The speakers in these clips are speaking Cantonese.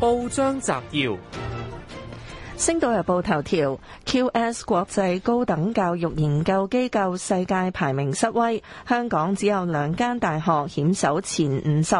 報章摘要：《星島日報》頭條，QS 國際高等教育研究機構世界排名失威，香港只有兩間大學險守前五十。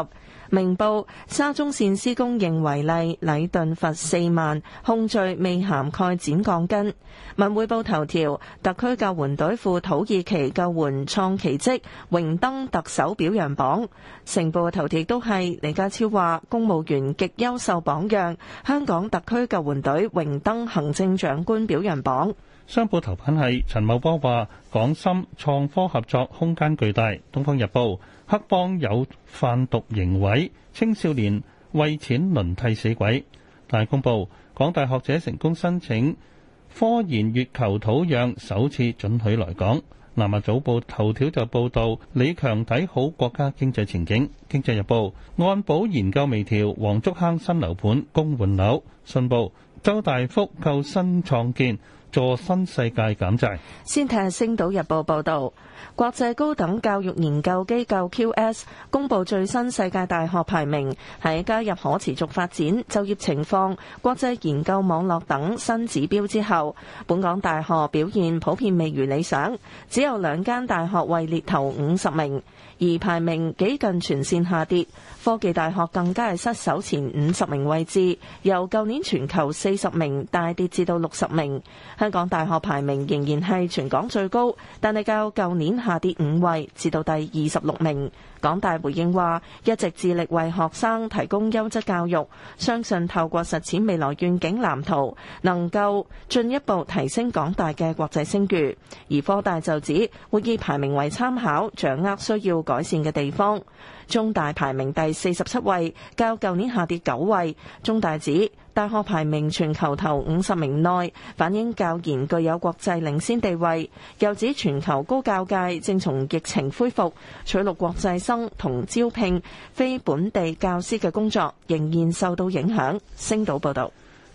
《明報》沙中線施工認為例，禮頓罰四萬，控罪未涵蓋剪鋼筋。文匯報頭條，特區救援隊赴土耳其救援創奇蹟，榮登特首表揚榜。成報頭條都係李家超話，公務員極優秀榜樣，香港特區救援隊榮登行政長官表揚榜。商報頭版係陳茂波話，港深創科合作空間巨大。《東方日報》黑幫有販毒營位，青少年為錢輪替死鬼。大公報，港大學者成功申請科研月球土壤首次准許來港。南華早報頭條就報道李強睇好國家經濟前景。經濟日報按保研究微調，黃竹坑新樓盤供換樓。信報，周大福購新創建。助新世界減債。先睇下《星島日報》報道，國際高等教育研究機構 QS 公佈最新世界大學排名，喺加入可持續發展、就業情況、國際研究網絡等新指標之後，本港大學表現普遍未如理想，只有兩間大學位列頭五十名。而排名幾近全線下跌，科技大學更加係失守前五十名位置，由舊年全球四十名大跌至到六十名。香港大學排名仍然係全港最高，但係較舊年下跌五位，至到第二十六名。港大回應話，一直致力為學生提供優質教育，相信透過實踐未來願景藍圖，能夠進一步提升港大嘅國際聲譽。而科大就指會以排名為參考，掌握需要改善嘅地方。中大排名第四十七位，較舊年下跌九位。中大指，大學排名全球頭五十名內，反映教研具有國際領先地位。又指全球高教界正從疫情恢復，取錄國際生同招聘非本地教師嘅工作仍然受到影響。星島報導。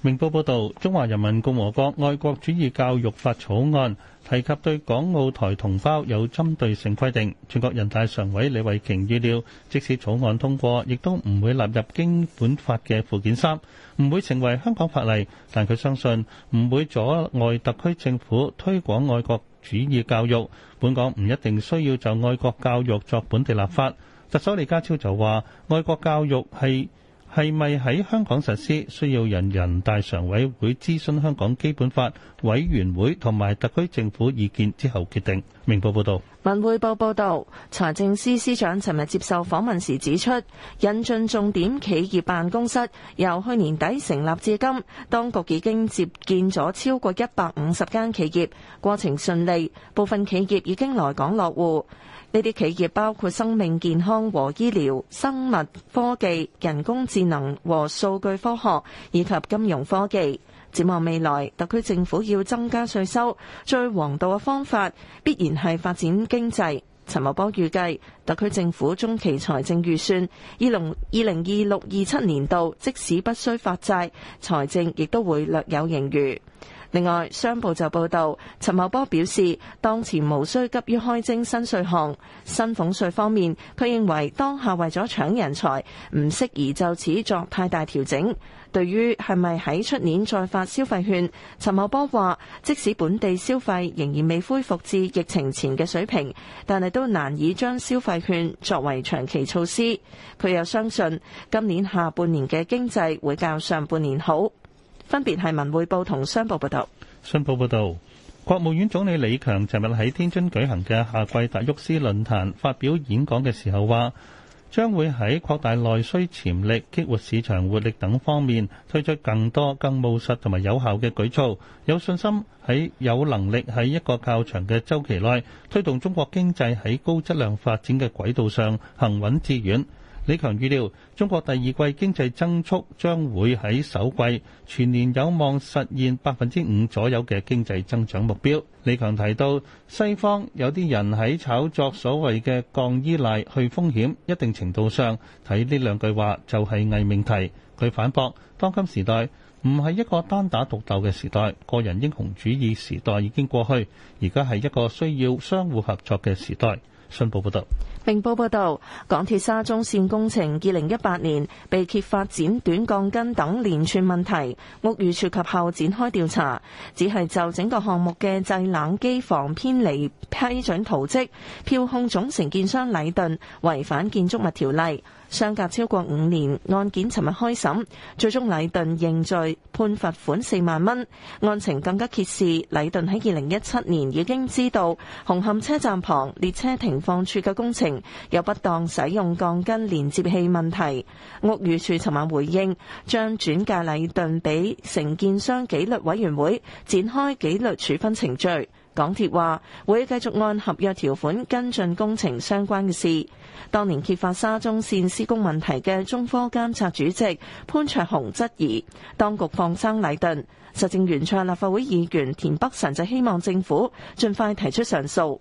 明報報道，中華人民共和國愛國主義教育法草案，提及對港澳台同胞有針對性規定。全國人大常委李慧瓊預料，即使草案通過，亦都唔會納入基本法的附件三，唔會成為香港法例，但佢相信，唔會阻礙特區政府推廣愛國主義教育，本港唔一定需要就愛國教育作本地立法。特首李家超就話，愛國教育係係咪喺香港實施，需要人人大常委會諮詢香港基本法委員會同埋特區政府意見之後決定。明報報道。文匯報報道，財政司司長尋日接受訪問時指出，引進重點企業辦公室由去年底成立至今，當局已經接見咗超過一百五十間企業，過程順利，部分企業已經來港落戶。呢啲企業包括生命健康和醫療、生物科技、人工智能和數據科學以及金融科技。展望未來，特區政府要增加稅收，最王道嘅方法必然係發展經濟。陳茂波預計，特區政府中期財政預算，二零二零二六二七年度，即使不需發債，財政亦都會略有盈餘。另外，商報就報道，陳茂波表示，當前無需急於開徵新稅項。薪俸稅方面，佢認為當下為咗搶人才，唔適宜就此作太大調整。對於係咪喺出年再發消費券，陳茂波話：即使本地消費仍然未恢復至疫情前嘅水平，但係都難以將消費券作為長期措施。佢又相信今年下半年嘅經濟會較上半年好。分別係文匯報同商報報道。商報報道，國務院總理李強尋日喺天津舉行嘅夏季達沃斯論壇發表演講嘅時候話，將會喺擴大內需潛力、激活市場活力等方面推出更多更務實同埋有效嘅舉措，有信心喺有能力喺一個較長嘅週期內推動中國經濟喺高質量發展嘅軌道上行穩致遠。李強預料，中國第二季經濟增速將會喺首季，全年有望實現百分之五左右嘅經濟增長目標，李強提到，西方有啲人喺炒作所謂嘅降依賴、去風險，一定程度上睇呢兩句話就係、是、偽命題，佢反駁，當今時代唔係一個單打獨鬥嘅時代，個人英雄主義時代已經過去，而家係一個需要相互合作嘅時代。新報報道：「明報報道，港鐵沙中線工程二零一八年被揭發剪短鋼筋等連串問題，屋宇署及後展開調查，只係就整個項目嘅製冷機房偏離批准圖則，票控總承建商禮頓違反建築物條例。相隔超過五年，案件尋日開審，最終禮頓認罪，判罰款四萬蚊。案情更加揭示，禮頓喺二零一七年已經知道紅磡車站旁列車停放處嘅工程有不當使用鋼筋連接器問題。屋宇署尋晚回應，將轉介禮頓俾承建商紀律委員會，展開紀律處分程序。港鐵話會繼續按合約條款跟進工程相關嘅事。當年揭發沙中線施工問題嘅中科監察主席潘卓雄質疑當局放生禮頓，實政圓桌立法會議員田北辰就希望政府盡快提出上訴。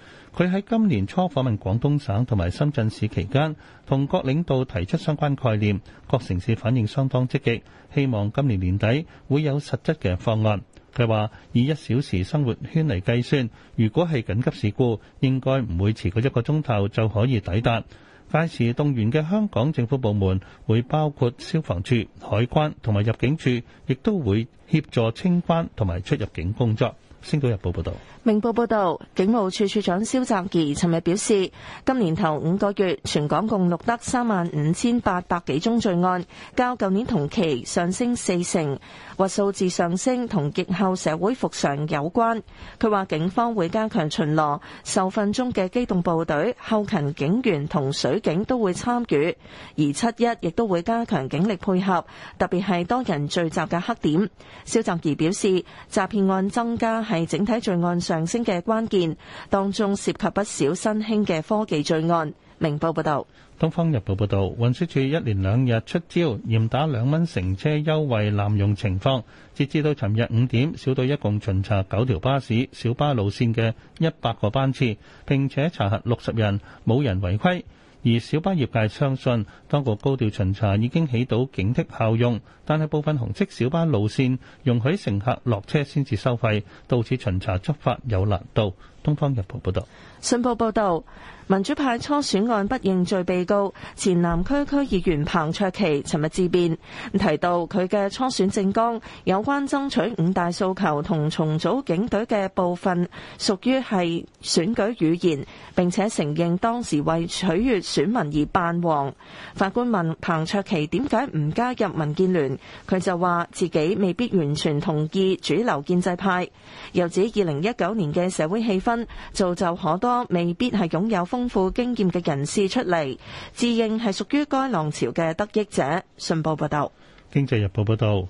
佢喺今年初訪問廣東省同埋深圳市期間，同各領導提出相關概念，各城市反應相當積極，希望今年年底會有實質嘅方案。佢話以一小時生活圈嚟計算，如果係緊急事故，應該唔會遲過一個鐘頭就可以抵達。屆時動員嘅香港政府部門會包括消防處、海關同埋入境處，亦都會協助清關同埋出入境工作。《星島日報》報道，明報報道，警務處處長蕭澤頤尋日表示，今年頭五個月，全港共錄得三萬五千八百幾宗罪案，較舊年同期上升四成，話數字上升同疫後社會復常有關。佢話警方會加強巡邏，受訓中嘅機動部隊、後勤警員同水警都會參與，而七一亦都會加強警力配合，特別係多人聚集嘅黑點。蕭澤頤表示，詐騙案增加。係整體罪案上升嘅關鍵，當中涉及不少新興嘅科技罪案。明報報道。《東方日報》報導，運輸署一連兩日出招，嚴打兩蚊乘車優惠濫用情況。截至到尋日五點，小隊一共巡查九條巴士小巴路線嘅一百個班次，並且查核六十人，冇人違規。而小巴業界相信，當局高調巡查已經起到警惕效用，但係部分紅色小巴路線容許乘客落車先至收費，導致巡查執法有難度。《東方日報》報道。《信報》報導，民主派初選案不認罪被告到前南區區議員彭卓棋尋日自辯提到佢嘅初選政綱有關爭取五大訴求同重組警隊嘅部分，屬於係選舉語言。並且承認當時為取悅選民而扮黃。法官問彭卓棋點解唔加入民建聯，佢就話自己未必完全同意主流建制派，又指二零一九年嘅社會氣氛造就可多未必係擁有豐富經驗嘅人士出嚟。自認係屬於該浪潮嘅得益者。信報報道，《經濟日報》報道，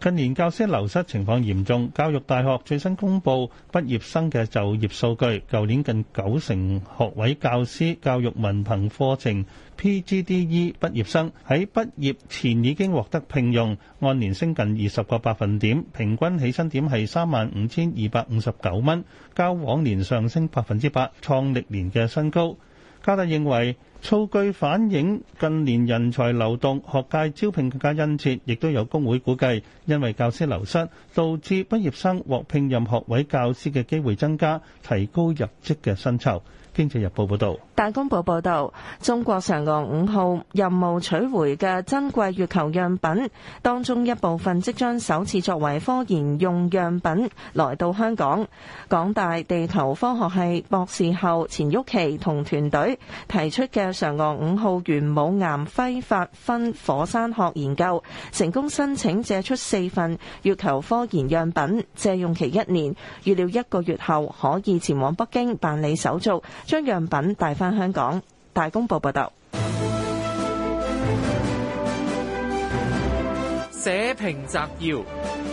近年教師流失情況嚴重。教育大學最新公布畢業生嘅就業數據，舊年近九成學位教師教育文憑課程 （PGDE） 畢業生喺畢業前已經獲得聘用，按年升近二十個百分點，平均起薪點係三萬五千二百五十九蚊，較往年上升百分之八，創歷年嘅新高。加大認為數據反映近年人才流動，學界招聘更加殷切，亦都有工會估計，因為教師流失，導致畢業生獲聘任學位教師嘅機會增加，提高入職嘅薪酬。《經濟日報》報道，大公報報導，中國嫦娥五號任務取回嘅珍貴月球樣品，當中一部分即將首次作為科研用樣品來到香港。港大地球科學系博士後錢旭奇同團隊提出嘅嫦娥五號玄武岩揮發分火山學研究，成功申請借出四份月球科研樣品，借用期一年。預料一個月後可以前往北京辦理手續。將樣品帶翻香港，大公報報道。社評摘要。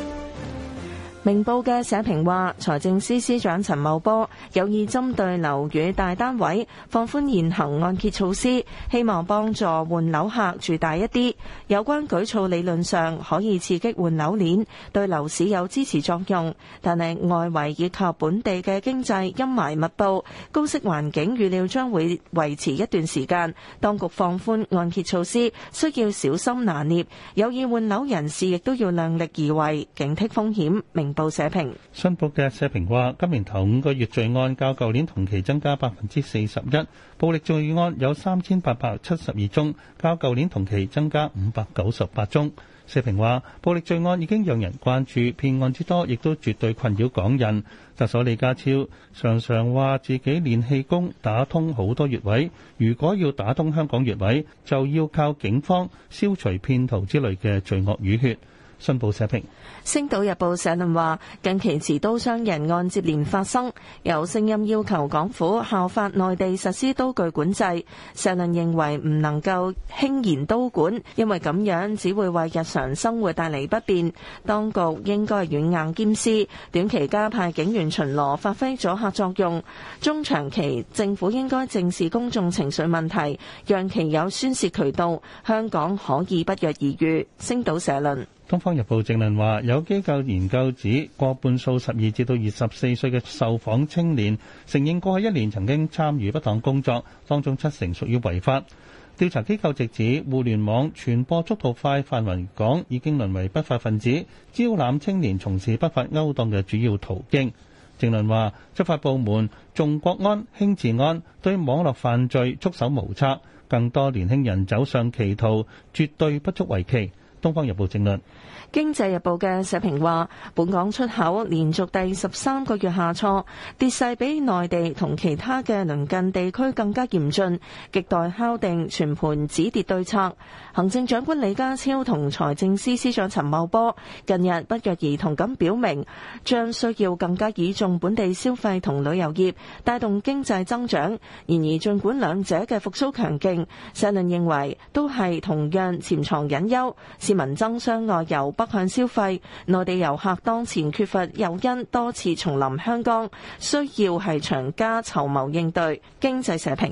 明報嘅社評話，財政司司長陳茂波有意針對樓宇大單位放寬現行按揭措施，希望幫助換樓客住大一啲。有關舉措理論上可以刺激換樓鏈，對樓市有支持作用，但係外圍以及本地嘅經濟陰霾密布，高息環境預料將會維持一段時間。當局放寬按揭措施需要小心拿捏，有意換樓人士亦都要量力而為，警惕風險。明報社評，新報嘅社評話：今年頭五個月罪案較舊年同期增加百分之四十一，暴力罪案有三千八百七十二宗，較舊年同期增加五百九十八宗。社評話：暴力罪案已經讓人關注，騙案之多，亦都絕對困擾港人。特首李家超常常話自己練氣功打通好多穴位，如果要打通香港穴位，就要靠警方消除騙徒之類嘅罪惡瘀血。《新報社評》《星島日報社論》話：近期持刀傷人案接連發生，有聲音要求港府效法內地實施刀具管制。社論認為唔能夠輕言刀管，因為咁樣只會為日常生活帶嚟不便。當局應該軟硬兼施，短期加派警員巡邏，發揮阻嚇作用；中長期政府應該正視公眾情緒問題，讓其有宣泄渠道。香港可以不約而遇。《星島社論》。《東方日報》正論話：有機構研究指，過半數十二至到二十四歲嘅受訪青年，承認過去一年曾經參與不當工作，當中七成屬於違法。調查機構直指，互聯網傳播速度快、範圍廣，已經淪為不法分子招攬青年從事不法勾當嘅主要途徑。正論話：執法部門重國安輕治安，對網絡犯罪束手無策，更多年輕人走上歧途，絕對不足為奇。《東方日報》政論，《經濟日報》嘅社評話：本港出口連續第十三個月下挫，跌勢比內地同其他嘅鄰近地區更加嚴峻，亟待敲定全盤止跌對策。行政長官李家超同財政司司長陳茂波近日不約而同咁表明，將需要更加倚重本地消費同旅遊業帶動經濟增長。然而，儘管兩者嘅復甦強勁，社論認為都係同樣潛藏隱憂。市民爭相外遊北向消費，內地遊客當前缺乏誘因，多次重臨香港，需要系長加籌謀應對，經濟社評。